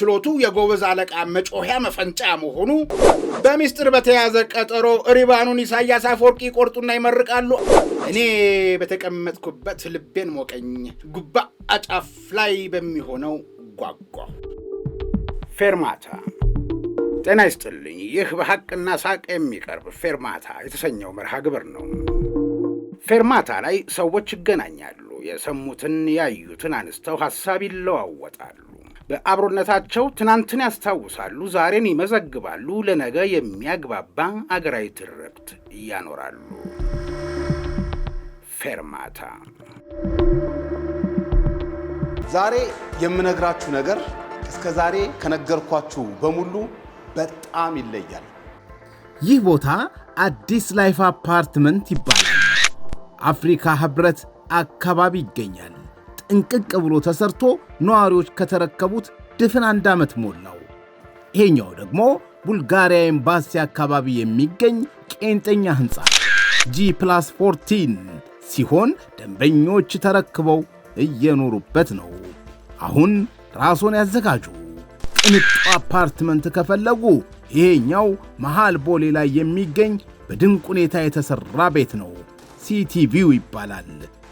ችሎቱ የጎበዝ አለቃ መጮሂያ መፈንጫ መሆኑ በሚስጥር በተያዘ ቀጠሮ ሪባኑን ኢሳያስ አፈወርቂ ይቆርጡና ይመርቃሉ። እኔ በተቀመጥኩበት ልቤን ሞቀኝ። ጉባ አጫፍ ላይ በሚሆነው ጓጓ። ፌርማታ ጤና ይስጥልኝ። ይህ በሐቅና ሳቅ የሚቀርብ ፌርማታ የተሰኘው መርሃ ግብር ነው። ፌርማታ ላይ ሰዎች ይገናኛሉ። የሰሙትን ያዩትን አንስተው ሐሳብ ይለዋወጣሉ። በአብሮነታቸው ትናንትን ያስታውሳሉ፣ ዛሬን ይመዘግባሉ፣ ለነገ የሚያግባባ አገራዊ ትርክት እያኖራሉ። ፌርማታ ዛሬ የምነግራችሁ ነገር እስከ ዛሬ ከነገርኳችሁ በሙሉ በጣም ይለያል። ይህ ቦታ አዲስ ላይፍ አፓርትመንት ይባላል። አፍሪካ ህብረት አካባቢ ይገኛል። እንቅቅ ብሎ ተሰርቶ ነዋሪዎች ከተረከቡት ድፍን አንድ ዓመት ሞላው። ይሄኛው ደግሞ ቡልጋሪያ ኤምባሲ አካባቢ የሚገኝ ቄንጠኛ ሕንፃ ጂ ፕላስ 14 ሲሆን ደንበኞች ተረክበው እየኖሩበት ነው። አሁን ራስዎን ያዘጋጁ። ቅንጡ አፓርትመንት ከፈለጉ ይሄኛው መሃል ቦሌ ላይ የሚገኝ በድንቅ ሁኔታ የተሠራ ቤት ነው። ሲቲቪው ይባላል።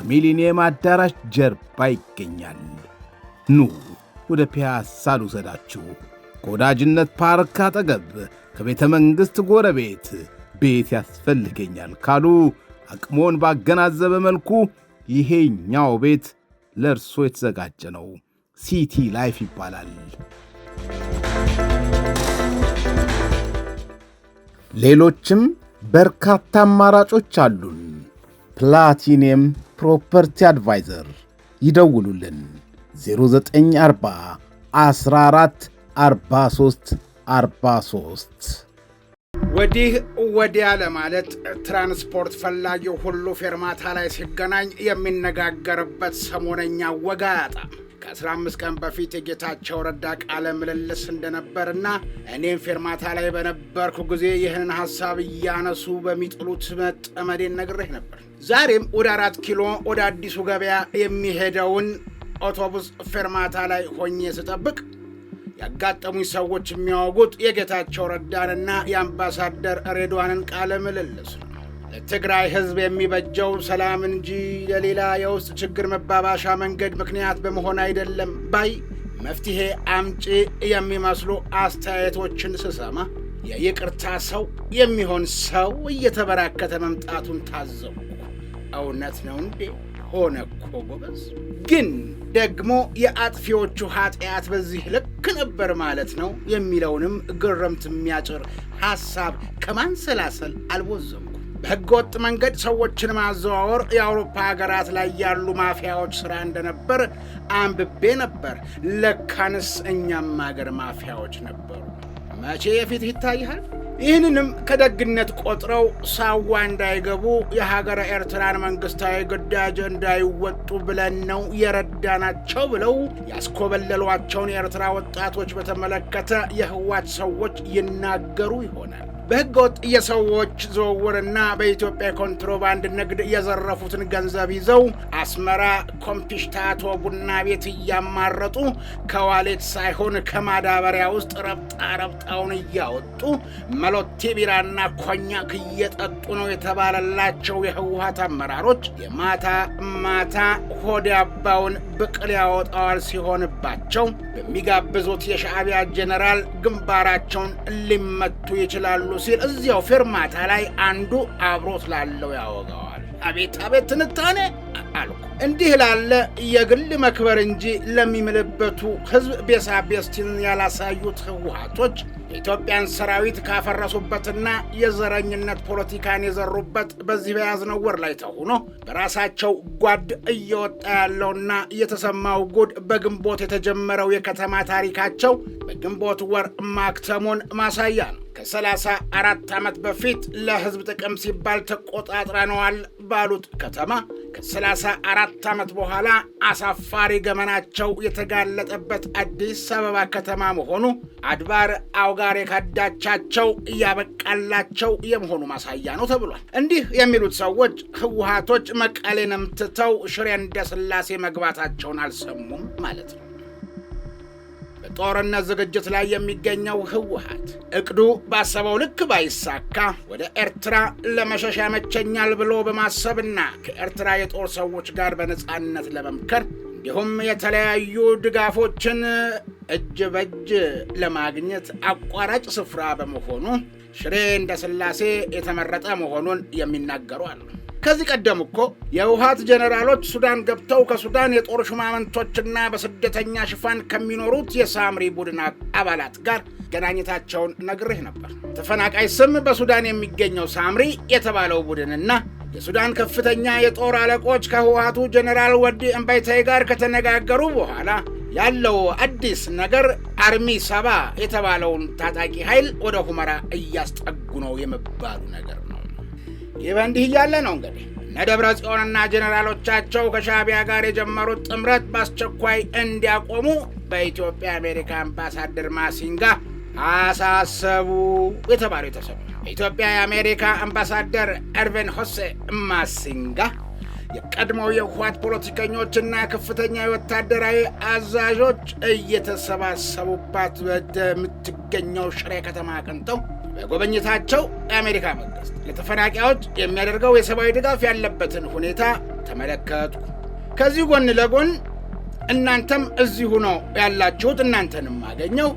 ከሚሊኒየም አዳራሽ ጀርባ ይገኛል። ኑ ወደ ፒያሳ ልውሰዳችሁ። ከወዳጅነት ፓርክ አጠገብ ከቤተ መንግሥት ጎረቤት ቤት ያስፈልገኛል ካሉ አቅሞን ባገናዘበ መልኩ ይሄኛው ቤት ለእርሶ የተዘጋጀ ነው። ሲቲ ላይፍ ይባላል። ሌሎችም በርካታ አማራጮች አሉን። ፕላቲኒየም ፕሮፐርቲ አድቫይዘር ይደውሉልን 0940 14 43 43 ወዲህ ወዲያ ለማለት ትራንስፖርት ፈላጊው ሁሉ ፌርማታ ላይ ሲገናኝ የሚነጋገርበት ሰሞነኛ ወጋ ያጣ ከ15 ቀን በፊት የጌታቸው ረዳ ቃለ ምልልስ እንደነበርና እኔም ፌርማታ ላይ በነበርኩ ጊዜ ይህንን ሀሳብ እያነሱ በሚጥሉት መጠመዴን ነግሬህ ነበር። ዛሬም ወደ አራት ኪሎ ወደ አዲሱ ገበያ የሚሄደውን አውቶቡስ ፌርማታ ላይ ሆኜ ስጠብቅ ያጋጠሙኝ ሰዎች የሚያወጉት የጌታቸው ረዳንና የአምባሳደር ሬድዋንን ቃለ ምልልስ ነው። ለትግራይ ሕዝብ የሚበጀው ሰላም እንጂ ለሌላ የውስጥ ችግር መባባሻ መንገድ ምክንያት በመሆን አይደለም ባይ መፍትሄ አምጪ የሚመስሉ አስተያየቶችን ስሰማ የይቅርታ ሰው የሚሆን ሰው እየተበራከተ መምጣቱን ታዘብኩ። እውነት ነው እንዴ? ሆነ እኮ ጎበዝ። ግን ደግሞ የአጥፊዎቹ ኃጢአት በዚህ ልክ ነበር ማለት ነው የሚለውንም ግርምት የሚያጭር ሐሳብ ከማንሰላሰል አልቦዘም። በህገወጥ መንገድ ሰዎችን ማዘዋወር የአውሮፓ ሀገራት ላይ ያሉ ማፊያዎች ስራ እንደነበር አንብቤ ነበር። ለካንስ እኛም ሀገር ማፊያዎች ነበሩ። መቼ የፊት ይታይሃል። ይህንንም ከደግነት ቆጥረው ሳዋ እንዳይገቡ የሀገረ ኤርትራን መንግስታዊ ግዳጅ እንዳይወጡ ብለን ነው የረዳናቸው ብለው ያስኮበለሏቸውን የኤርትራ ወጣቶች በተመለከተ የህዋት ሰዎች ይናገሩ ይሆናል። በህገወጥ ወጥ የሰዎች ዝውውርና በኢትዮጵያ ኮንትሮባንድ ንግድ የዘረፉትን ገንዘብ ይዘው አስመራ ኮምፒሽታቶ ቡና ቤት እያማረጡ ከዋሌት ሳይሆን ከማዳበሪያ ውስጥ ረብጣ ረብጣውን እያወጡ መሎቴ ቢራና ኮኛክ እየጠጡ ነው የተባለላቸው የህወሀት አመራሮች የማታ ማታ ሆዲ አባውን ብቅል ያወጣዋል ሲሆንባቸው በሚጋብዙት የሻዕቢያ ጀነራል ግንባራቸውን ሊመቱ ይችላሉ ሲል እዚያው ፌርማታ ላይ አንዱ አብሮት ላለው ያወጋዋል። አቤት አቤት ትንታኔ አልኩ። እንዲህ ላለ የግል መክበር እንጂ ለሚምልበቱ ሕዝብ ቤሳቤስቲን ያላሳዩት ህወሀቶች የኢትዮጵያን ሰራዊት ካፈረሱበትና የዘረኝነት ፖለቲካን የዘሩበት በዚህ በያዝነው ወር ላይ ተሆኖ በራሳቸው ጓድ እየወጣ ያለውና የተሰማው ጉድ በግንቦት የተጀመረው የከተማ ታሪካቸው በግንቦት ወር ማክተሙን ማሳያ ነው። ከ34 ዓመት በፊት ለሕዝብ ጥቅም ሲባል ተቆጣጥረነዋል ባሉት ከተማ ከ34 ዓመት በኋላ አሳፋሪ ገመናቸው የተጋለጠበት አዲስ አበባ ከተማ መሆኑ አድባር አውጋሬ ካዳቻቸው እያበቃላቸው የመሆኑ ማሳያ ነው ተብሏል። እንዲህ የሚሉት ሰዎች ህወሓቶች መቀሌንም ትተው ሽሬ እንደ ስላሴ መግባታቸውን አልሰሙም ማለት ነው። ጦርነት ዝግጅት ላይ የሚገኘው ህወሀት እቅዱ ባሰበው ልክ ባይሳካ ወደ ኤርትራ ለመሸሽ ያመቸኛል ብሎ በማሰብና ከኤርትራ የጦር ሰዎች ጋር በነፃነት ለመምከር እንዲሁም የተለያዩ ድጋፎችን እጅ በእጅ ለማግኘት አቋራጭ ስፍራ በመሆኑ ሽሬ እንደ ስላሴ የተመረጠ መሆኑን የሚናገሩ አሉ። ከዚህ ቀደም እኮ የውሃት ጀነራሎች ሱዳን ገብተው ከሱዳን የጦር ሹማምንቶችና በስደተኛ ሽፋን ከሚኖሩት የሳምሪ ቡድን አባላት ጋር ገናኘታቸውን ነግርህ ነበር። ተፈናቃይ ስም በሱዳን የሚገኘው ሳምሪ የተባለው ቡድንና የሱዳን ከፍተኛ የጦር አለቆች ከህውሃቱ ጀኔራል ወዲ እምባይታይ ጋር ከተነጋገሩ በኋላ ያለው አዲስ ነገር አርሚ ሰባ የተባለውን ታጣቂ ኃይል ወደ ሁመራ እያስጠጉ ነው የመባሉ ነገር ነው። ይህ በእንዲህ እያለ ነው እንግዲህ እነ ደብረ ጽዮንና ጀኔራሎቻቸው ከሻቢያ ጋር የጀመሩት ጥምረት በአስቸኳይ እንዲያቆሙ በኢትዮጵያ አሜሪካ አምባሳደር ማሲንጋ አሳሰቡ የተባሉ የተሰሙ የኢትዮጵያ የአሜሪካ አምባሳደር ኤርቬን ሆሴ ማሲንጋ የቀድሞው የህወሓት ፖለቲከኞችና ከፍተኛ የወታደራዊ አዛዦች እየተሰባሰቡባት ወደምትገኘው ሽሬ ከተማ አቅንተው በጉብኝታቸው የአሜሪካ መንግስት ለተፈናቃዮች የሚያደርገው የሰብአዊ ድጋፍ ያለበትን ሁኔታ ተመለከቱ ከዚህ ጎን ለጎን እናንተም እዚሁ ነው ያላችሁት፣ እናንተንም ማገኘው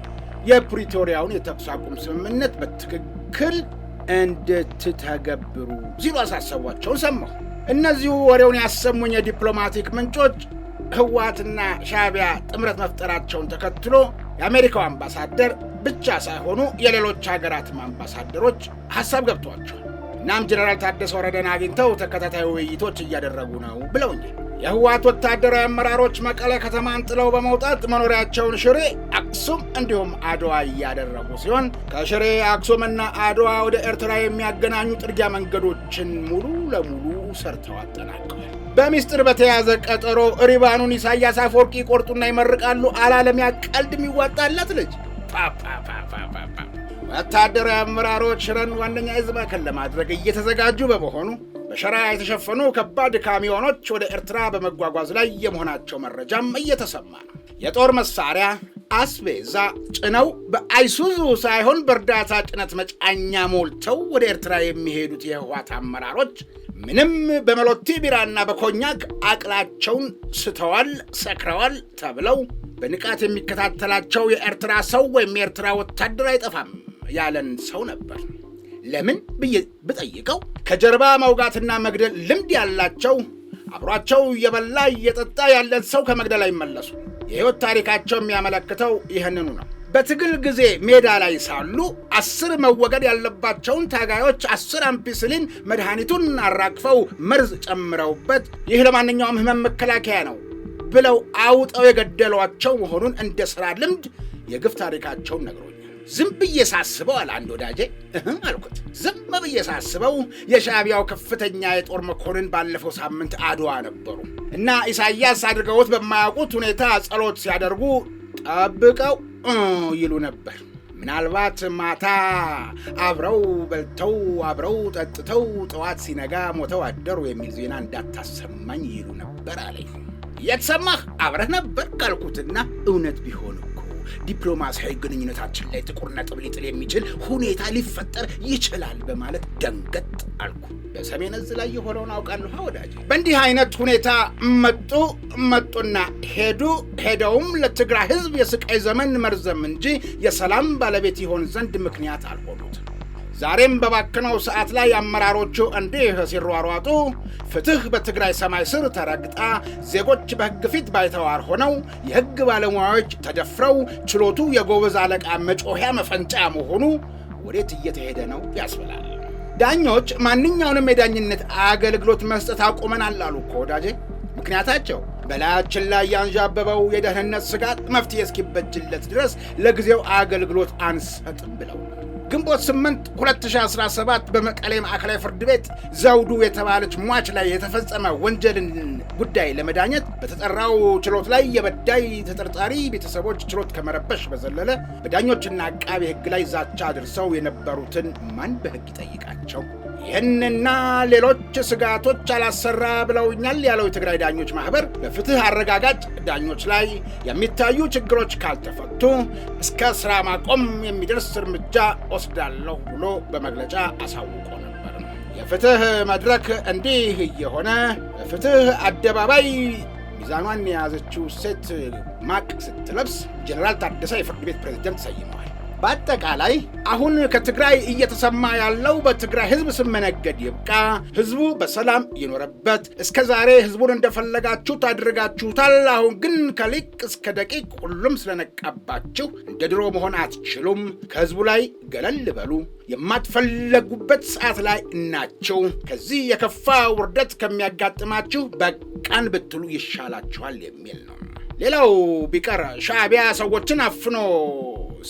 የፕሪቶሪያውን የተኩስ አቁም ስምምነት በትክክል እንድትተገብሩ ሲሉ አሳሰቧቸውን ሰማሁ። እነዚሁ ወሬውን ያሰሙኝ የዲፕሎማቲክ ምንጮች ህወሓትና ሻዕቢያ ጥምረት መፍጠራቸውን ተከትሎ የአሜሪካው አምባሳደር ብቻ ሳይሆኑ የሌሎች ሀገራትም አምባሳደሮች ሀሳብ ገብቷቸዋል። እናም ጀኔራል ታደሰ ወረደን አግኝተው ተከታታይ ውይይቶች እያደረጉ ነው ብለውኛል። የህወሓት ወታደራዊ አመራሮች መቀለ ከተማን ጥለው በመውጣት መኖሪያቸውን ሽሬ፣ አክሱም እንዲሁም አድዋ እያደረጉ ሲሆን ከሽሬ አክሱምና አድዋ ወደ ኤርትራ የሚያገናኙ ጥርጊያ መንገዶችን ሙሉ ለሙሉ ሰርተው አጠናቀዋል። በሚስጥር በተያዘ ቀጠሮ ሪባኑን ኢሳያስ አፈወርቂ ይቆርጡና ይመርቃሉ። አላለም ያቀልድ የሚዋጣላት ልጅ ወታደራዊ አመራሮች ሽረን ዋነኛ ህዝብ ማዕከል ለማድረግ እየተዘጋጁ በመሆኑ በሸራ የተሸፈኑ ከባድ ካሚዮኖች ወደ ኤርትራ በመጓጓዝ ላይ የመሆናቸው መረጃም እየተሰማ ነው። የጦር መሳሪያ አስቤዛ ጭነው በአይሱዙ ሳይሆን በእርዳታ ጭነት መጫኛ ሞልተው ወደ ኤርትራ የሚሄዱት የህወሓት አመራሮች ምንም በመሎቲ ቢራና በኮኛክ አቅላቸውን ስተዋል፣ ሰክረዋል ተብለው በንቃት የሚከታተላቸው የኤርትራ ሰው ወይም የኤርትራ ወታደር አይጠፋም ያለን ሰው ነበር። ለምን ብዬ ብጠይቀው ከጀርባ መውጋትና መግደል ልምድ ያላቸው አብሯቸው እየበላ እየጠጣ ያለን ሰው ከመግደል አይመለሱ። የሕይወት ታሪካቸው የሚያመለክተው ይህንኑ ነው። በትግል ጊዜ ሜዳ ላይ ሳሉ አስር መወገድ ያለባቸውን ታጋዮች አስር አምፒስሊን መድኃኒቱን አራግፈው መርዝ ጨምረውበት ይህ ለማንኛውም ህመም መከላከያ ነው ብለው አውጠው የገደሏቸው መሆኑን እንደ ሥራ ልምድ የግፍ ታሪካቸውን ነግሮኛል። ዝም ብዬ ሳስበው አለ አንድ ወዳጄ፣ እህም አልኩት። ዝም ብዬ ሳስበው የሻቢያው ከፍተኛ የጦር መኮንን ባለፈው ሳምንት አድዋ ነበሩ እና ኢሳያስ አድርገውት በማያውቁት ሁኔታ ጸሎት ሲያደርጉ ጠብቀው ይሉ ነበር። ምናልባት ማታ አብረው በልተው አብረው ጠጥተው ጠዋት ሲነጋ ሞተው አደሩ የሚል ዜና እንዳታሰማኝ ይሉ ነበር አለኝ። የተሰማህ አብረህ ነበር ካልኩትና እውነት ቢሆነው ዲፕሎማሲያዊ ግንኙነታችን ላይ ጥቁር ነጥብ ሊጥል የሚችል ሁኔታ ሊፈጠር ይችላል በማለት ደንገጥ አልኩ። በሰሜን እዝ ላይ የሆነውን አውቃለሁ ወዳጅ። በእንዲህ አይነት ሁኔታ መጡ መጡና ሄዱ። ሄደውም ለትግራይ ህዝብ የስቃይ ዘመን መርዘም እንጂ የሰላም ባለቤት ይሆን ዘንድ ምክንያት አልሆኑትም። ዛሬም በባከነው ሰዓት ላይ አመራሮቹ እንዲህ ሲሯሯጡ ፍትህ በትግራይ ሰማይ ስር ተረግጣ ዜጎች በሕግ ፊት ባይተዋር ሆነው የሕግ ባለሙያዎች ተደፍረው ችሎቱ የጎበዝ አለቃ መጮሂያ መፈንጫ መሆኑ ወዴት እየተሄደ ነው ያስብላል። ዳኞች ማንኛውንም የዳኝነት አገልግሎት መስጠት አቁመናል አሉ እኮ ወዳጄ። ምክንያታቸው በላያችን ላይ ያንዣበበው የደህንነት ስጋት መፍትሄ እስኪበጅለት ድረስ ለጊዜው አገልግሎት አንሰጥም ብለው ግንቦት 8 2017 በመቀሌ ማዕከላዊ ፍርድ ቤት ዘውዱ የተባለች ሟች ላይ የተፈጸመ ወንጀልን ጉዳይ ለመዳኘት በተጠራው ችሎት ላይ የበዳይ ተጠርጣሪ ቤተሰቦች ችሎት ከመረበሽ በዘለለ በዳኞችና አቃቤ ሕግ ላይ ዛቻ አድርሰው የነበሩትን ማን በሕግ ይጠይቃቸው? ይህንና ሌሎች ስጋቶች አላሰራ ብለውኛል ያለው የትግራይ ዳኞች ማህበር በፍትህ አረጋጋጭ ዳኞች ላይ የሚታዩ ችግሮች ካልተፈቱ እስከ ስራ ማቆም የሚደርስ እርምጃ ወስዳለሁ ብሎ በመግለጫ አሳውቆ ነበር። የፍትህ መድረክ እንዲህ እየሆነ በፍትህ አደባባይ ሚዛኗን የያዘችው ሴት ማቅ ስትለብስ ጀኔራል ታደሰ የፍርድ ቤት ፕሬዝደንት ሰይመዋል። በአጠቃላይ አሁን ከትግራይ እየተሰማ ያለው በትግራይ ህዝብ ስመነገድ ይብቃ፣ ህዝቡ በሰላም ይኖረበት። እስከ ዛሬ ህዝቡን እንደፈለጋችሁት አድርጋችሁታል። አሁን ግን ከሊቅ እስከ ደቂቅ ሁሉም ስለነቃባችሁ እንደ ድሮ መሆን አትችሉም። ከህዝቡ ላይ ገለል በሉ። የማትፈለጉበት ሰዓት ላይ እናቸው ከዚህ የከፋ ውርደት ከሚያጋጥማችሁ በቃን ብትሉ ይሻላችኋል የሚል ነው። ሌላው ቢቀር ሻዕቢያ ሰዎችን አፍኖ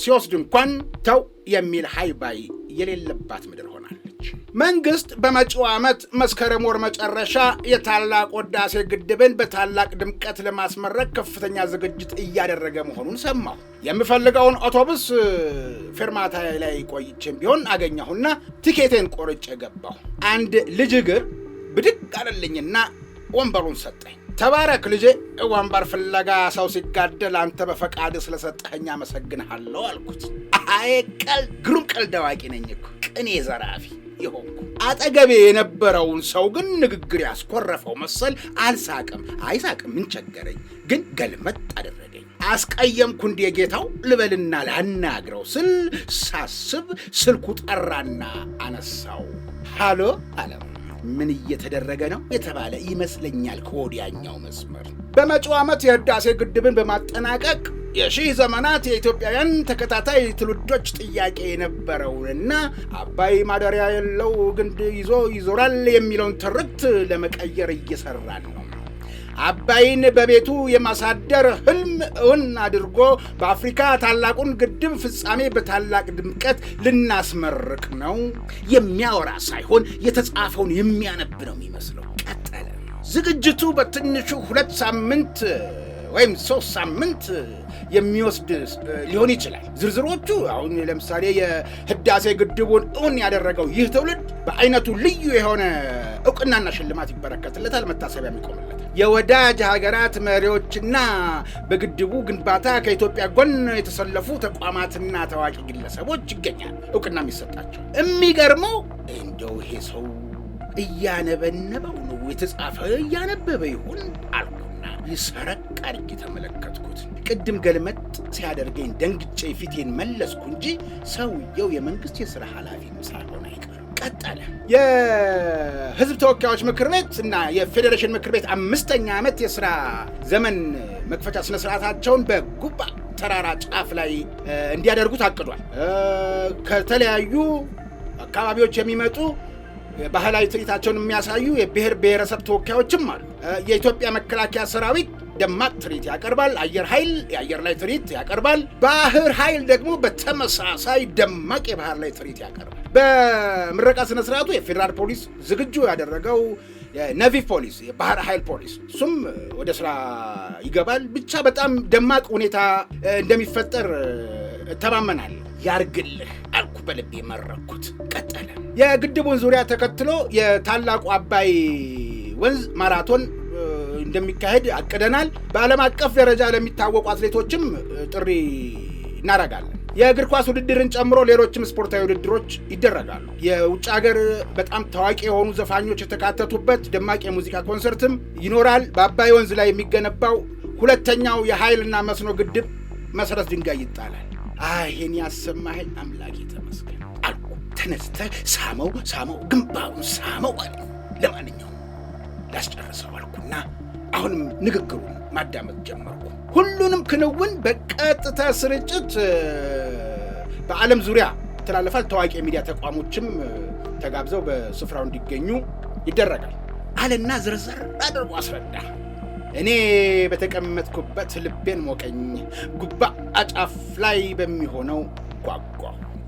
ሲወስድ እንኳን ተው የሚል ሃይባይ የሌለባት ምድር ሆናለች። መንግስት በመጪው ዓመት መስከረም ወር መጨረሻ የታላቅ ወዳሴ ግድብን በታላቅ ድምቀት ለማስመረቅ ከፍተኛ ዝግጅት እያደረገ መሆኑን ሰማሁ። የምፈልገውን አውቶቡስ ፌርማታ ላይ ቆይቼም ቢሆን አገኘሁና ቲኬቴን ቆርጬ ገባሁ። አንድ ልጅ እግር ብድግ አለልኝና ወንበሩን ሰጠኝ። ተባረክ ልጄ። ወንበር ፍለጋ ሰው ሲጋደል አንተ በፈቃድ ስለሰጠኸኝ አመሰግንሃለሁ አልኩት። አይ ቀል ግሩም ቀልድ አዋቂ ነኝ እኮ ቅኔ ዘራፊ ይሆንኩ። አጠገቤ የነበረውን ሰው ግን ንግግር ያስኮረፈው መሰል አልሳቅም። አይሳቅም፣ ምን ቸገረኝ? ግን ገልመጥ አደረገኝ። አስቀየምኩ እንዴ ጌታው ልበልና ላናግረው ስል ሳስብ ስልኩ ጠራና አነሳው። ሃሎ አለም ምን እየተደረገ ነው የተባለ ይመስለኛል። ከወዲያኛው መስመር በመጪው ዓመት የህዳሴ ግድብን በማጠናቀቅ የሺህ ዘመናት የኢትዮጵያውያን ተከታታይ ትውልዶች ጥያቄ የነበረውንና አባይ ማደሪያ የለው ግንድ ይዞ ይዞራል የሚለውን ትርክት ለመቀየር እየሰራ ነው። አባይን በቤቱ የማሳደር ህልም እውን አድርጎ በአፍሪካ ታላቁን ግድብ ፍጻሜ በታላቅ ድምቀት ልናስመርቅ ነው። የሚያወራ ሳይሆን የተጻፈውን የሚያነብ ነው የሚመስለው። ቀጠለ። ዝግጅቱ በትንሹ ሁለት ሳምንት ወይም ሶስት ሳምንት የሚወስድ ሊሆን ይችላል። ዝርዝሮቹ አሁን ለምሳሌ የህዳሴ ግድቡን እውን ያደረገው ይህ ትውልድ በአይነቱ ልዩ የሆነ እውቅናና ሽልማት ይበረከትለታል፣ መታሰቢያ የሚቆምለት የወዳጅ ሀገራት መሪዎችና በግድቡ ግንባታ ከኢትዮጵያ ጎን የተሰለፉ ተቋማትና ታዋቂ ግለሰቦች ይገኛል፣ እውቅና የሚሰጣቸው። የሚገርመው እንደው ይሄ ሰው እያነበነበው ነው የተጻፈ እያነበበ ይሁን አልኩ። ተቀየረና ይሰረቅ አድርጌ ተመለከትኩት። ቅድም ገልመጥ ሲያደርገኝ ደንግጬ ፊቴን መለስኩ እንጂ ሰውየው የመንግስት የስራ ኃላፊም ሳልሆን አይቀርም። ቀጠለ። የህዝብ ተወካዮች ምክር ቤት እና የፌዴሬሽን ምክር ቤት አምስተኛ ዓመት የስራ ዘመን መክፈቻ ስነስርዓታቸውን በጉባ ተራራ ጫፍ ላይ እንዲያደርጉ ታቅዷል። ከተለያዩ አካባቢዎች የሚመጡ ባህላዊ ትርኢታቸውን የሚያሳዩ የብሔር ብሔረሰብ ተወካዮችም አሉ። የኢትዮጵያ መከላከያ ሰራዊት ደማቅ ትርኢት ያቀርባል። አየር ኃይል የአየር ላይ ትርኢት ያቀርባል። ባህር ኃይል ደግሞ በተመሳሳይ ደማቅ የባህር ላይ ትርኢት ያቀርባል። በምረቃ ስነ ስርዓቱ የፌዴራል ፖሊስ ዝግጁ ያደረገው የነቪ ፖሊስ የባህር ኃይል ፖሊስ እሱም ወደ ስራ ይገባል። ብቻ በጣም ደማቅ ሁኔታ እንደሚፈጠር ተማመናል። ያርግልህ። በልብ የመረኩት ቀጠለ። የግድቡን ዙሪያ ተከትሎ የታላቁ አባይ ወንዝ ማራቶን እንደሚካሄድ አቅደናል። በዓለም አቀፍ ደረጃ ለሚታወቁ አትሌቶችም ጥሪ እናደርጋለን። የእግር ኳስ ውድድርን ጨምሮ ሌሎችም ስፖርታዊ ውድድሮች ይደረጋሉ። የውጭ ሀገር በጣም ታዋቂ የሆኑ ዘፋኞች የተካተቱበት ደማቅ የሙዚቃ ኮንሰርትም ይኖራል። በአባይ ወንዝ ላይ የሚገነባው ሁለተኛው የኃይልና መስኖ ግድብ መሰረት ድንጋይ ይጣላል። ይሄን ያሰማኸኝ አምላክ የተመስገን አልኩ። ተነስተ ሳመው ሳመው፣ ግንባሩን ሳመው አለ። ለማንኛውም ላስጨርሰው አልኩና አሁንም ንግግሩን ማዳመጥ ጀመርኩ። ሁሉንም ክንውን በቀጥታ ስርጭት በዓለም ዙሪያ ይተላለፋል። ታዋቂ የሚዲያ ተቋሞችም ተጋብዘው በስፍራው እንዲገኙ ይደረጋል አለና ዝርዝር አድርጎ አስረዳ። እኔ በተቀመጥኩበት ልቤን ሞቀኝ፣ ጉባ አጫፍ ላይ በሚሆነው ጓጓ።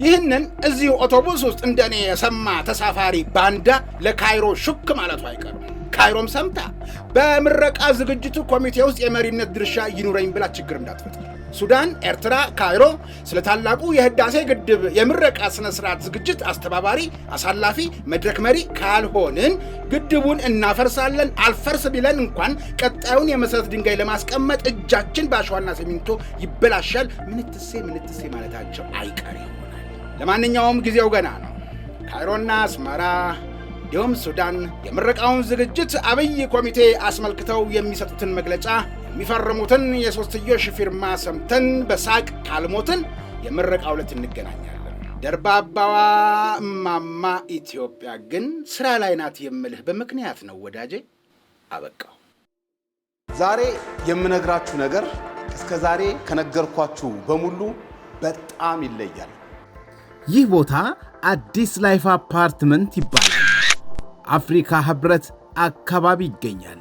ይህንን እዚሁ አውቶቡስ ውስጥ እንደ እኔ የሰማ ተሳፋሪ ባንዳ ለካይሮ ሹክ ማለቱ አይቀርም። ካይሮም ሰምታ በምረቃ ዝግጅቱ ኮሚቴ ውስጥ የመሪነት ድርሻ ይኑረኝ ብላ ችግር እንዳትፈጥር ሱዳን፣ ኤርትራ፣ ካይሮ ስለ ታላቁ የህዳሴ ግድብ የምረቃ ስነ ስርዓት ዝግጅት አስተባባሪ፣ አሳላፊ፣ መድረክ መሪ ካልሆንን ግድቡን እናፈርሳለን። አልፈርስ ቢለን እንኳን ቀጣዩን የመሰረት ድንጋይ ለማስቀመጥ እጃችን በአሸዋና ሲሚንቶ ይበላሻል። ምንትሴ ምንትሴ ማለታቸው አይቀር ይሆናል። ለማንኛውም ጊዜው ገና ነው። ካይሮና አስመራ እንዲሁም ሱዳን የምረቃውን ዝግጅት አብይ ኮሚቴ አስመልክተው የሚሰጡትን መግለጫ የሚፈርሙትን የሦስትዮሽ ፊርማ ሰምተን በሳቅ ካልሞትን የምረቃው ዕለት እንገናኛለን። ደርባባዋ እማማ ኢትዮጵያ ግን ስራ ላይ ናት የምልህ በምክንያት ነው ወዳጄ። አበቃው። ዛሬ የምነግራችሁ ነገር እስከ ዛሬ ከነገርኳችሁ በሙሉ በጣም ይለያል። ይህ ቦታ አዲስ ላይፍ አፓርትመንት ይባላል። አፍሪካ ህብረት አካባቢ ይገኛል።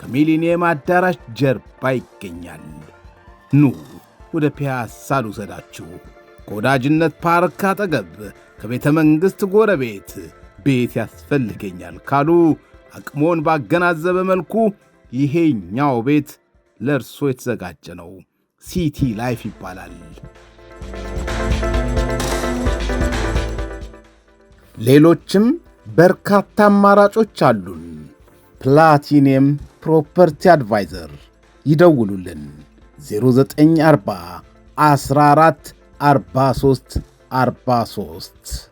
ከሚሊኒየም አዳራሽ ጀርባ ይገኛል። ኑ ወደ ፒያሳ ልውሰዳችሁ። ከወዳጅነት ፓርክ አጠገብ ከቤተ መንግሥት ጎረቤት ቤት ያስፈልገኛል ካሉ አቅሞን ባገናዘበ መልኩ ይሄኛው ቤት ለእርሶ የተዘጋጀ ነው። ሲቲ ላይፍ ይባላል። ሌሎችም በርካታ አማራጮች አሉን። ፕላቲኒየም ፕሮፐርቲ አድቫይዘር ይደውሉልን 0940 14 43 43